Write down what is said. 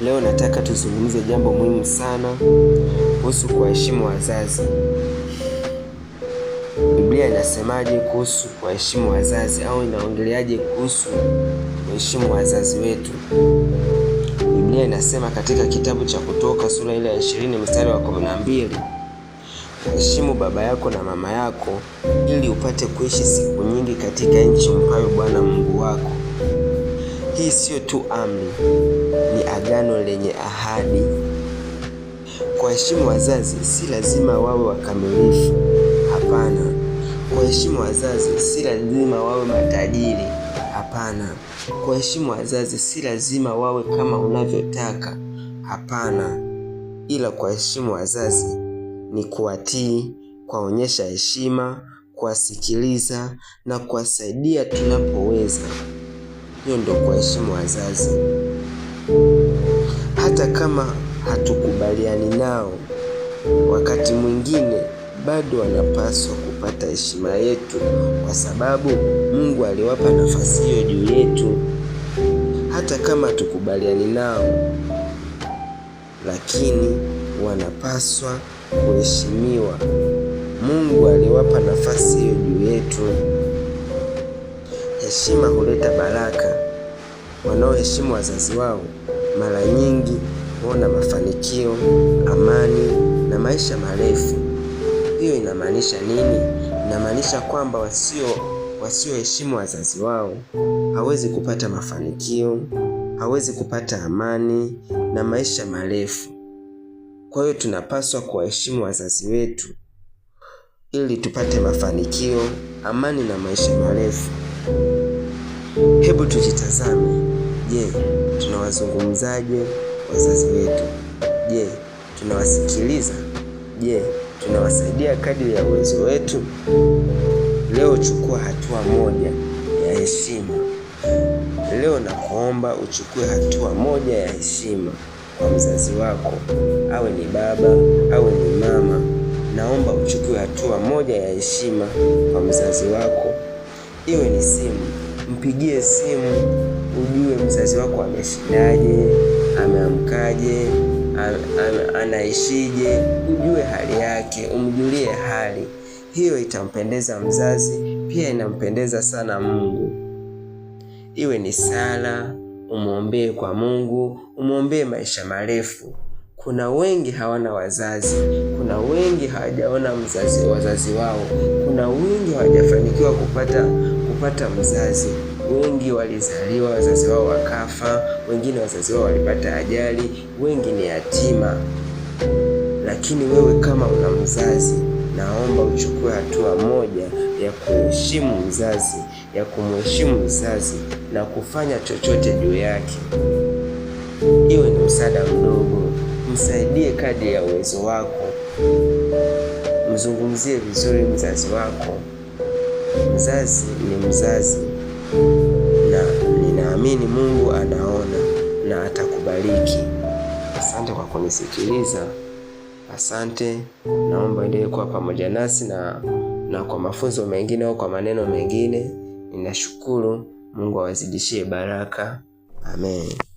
Leo nataka tuzungumze jambo muhimu sana kuhusu kuwaheshimu wazazi. Biblia inasemaje kuhusu kuwaheshimu wazazi au inaongeleaje kuhusu kuheshimu wazazi wetu? Biblia inasema katika kitabu cha Kutoka sura ile ya 20 mstari wa 12, heshimu baba yako na mama yako ili upate kuishi siku nyingi katika nchi ambayo Bwana Mungu wako. Hii sio tu amri, ni agano lenye ahadi. Kuwaheshimu wazazi si lazima wawe wakamilifu, hapana. Kuwaheshimu wazazi si lazima wawe matajiri, hapana. Kuwaheshimu wazazi si lazima wawe kama unavyotaka, hapana. Ila kuwaheshimu wazazi ni kuwatii, kuwaonyesha heshima, kuwasikiliza na kuwasaidia tunapoweza hiyo ndo heshima wazazi, hata kama hatukubaliani nao. Wakati mwingine bado wanapaswa kupata heshima yetu, kwa sababu Mungu aliwapa nafasi hiyo juu yetu, hata kama hatukubaliani nao, lakini wanapaswa kuheshimiwa. Mungu aliwapa nafasi hiyo juu yetu. Heshima huleta baraka wanaoheshimu wazazi wao mara nyingi huona mafanikio, amani na maisha marefu. Hiyo inamaanisha nini? Inamaanisha kwamba wasio wasioheshimu wazazi wao hawezi kupata mafanikio, hawezi kupata amani na maisha marefu. Kwa hiyo tunapaswa kuwaheshimu wazazi wetu ili tupate mafanikio, amani na maisha marefu. Hebu tujitazame. Je, tunawazungumzaje wazazi wetu? Je, tunawasikiliza? Je, tunawasaidia kadri ya uwezo wetu? Leo chukua hatua moja ya heshima. Leo nakuomba uchukue hatua moja ya heshima kwa mzazi wako, awe ni baba, awe ni mama. Naomba uchukue hatua moja ya heshima kwa mzazi wako, iwe ni simu, mpigie simu ujue mzazi wako ameshindaje, ameamkaje, anaishije, ujue hali yake, umjulie hali hiyo. Itampendeza mzazi, pia inampendeza sana Mungu. Iwe ni sala, umwombee kwa Mungu, umwombee maisha marefu. Kuna wengi hawana wazazi, kuna wengi hawajaona mzazi wazazi wao, kuna wengi hawajafanikiwa kupata kupata mzazi. Wengi walizaliwa wazazi wao wakafa, wengine wazazi wao walipata ajali, wengi ni yatima. Lakini wewe kama una mzazi, naomba uchukue hatua moja ya kuheshimu mzazi, ya kumheshimu mzazi na kufanya chochote juu yake. Iwe ni msaada mdogo, msaidie kadi ya uwezo wako, mzungumzie vizuri mzazi wako. Mzazi ni mzazi naamini Mungu anaona na atakubariki. Asante kwa kunisikiliza. Asante, naomba endelee kuwa pamoja nasi na, na kwa mafunzo mengine au kwa maneno mengine. Ninashukuru. Mungu awazidishie baraka. Amen.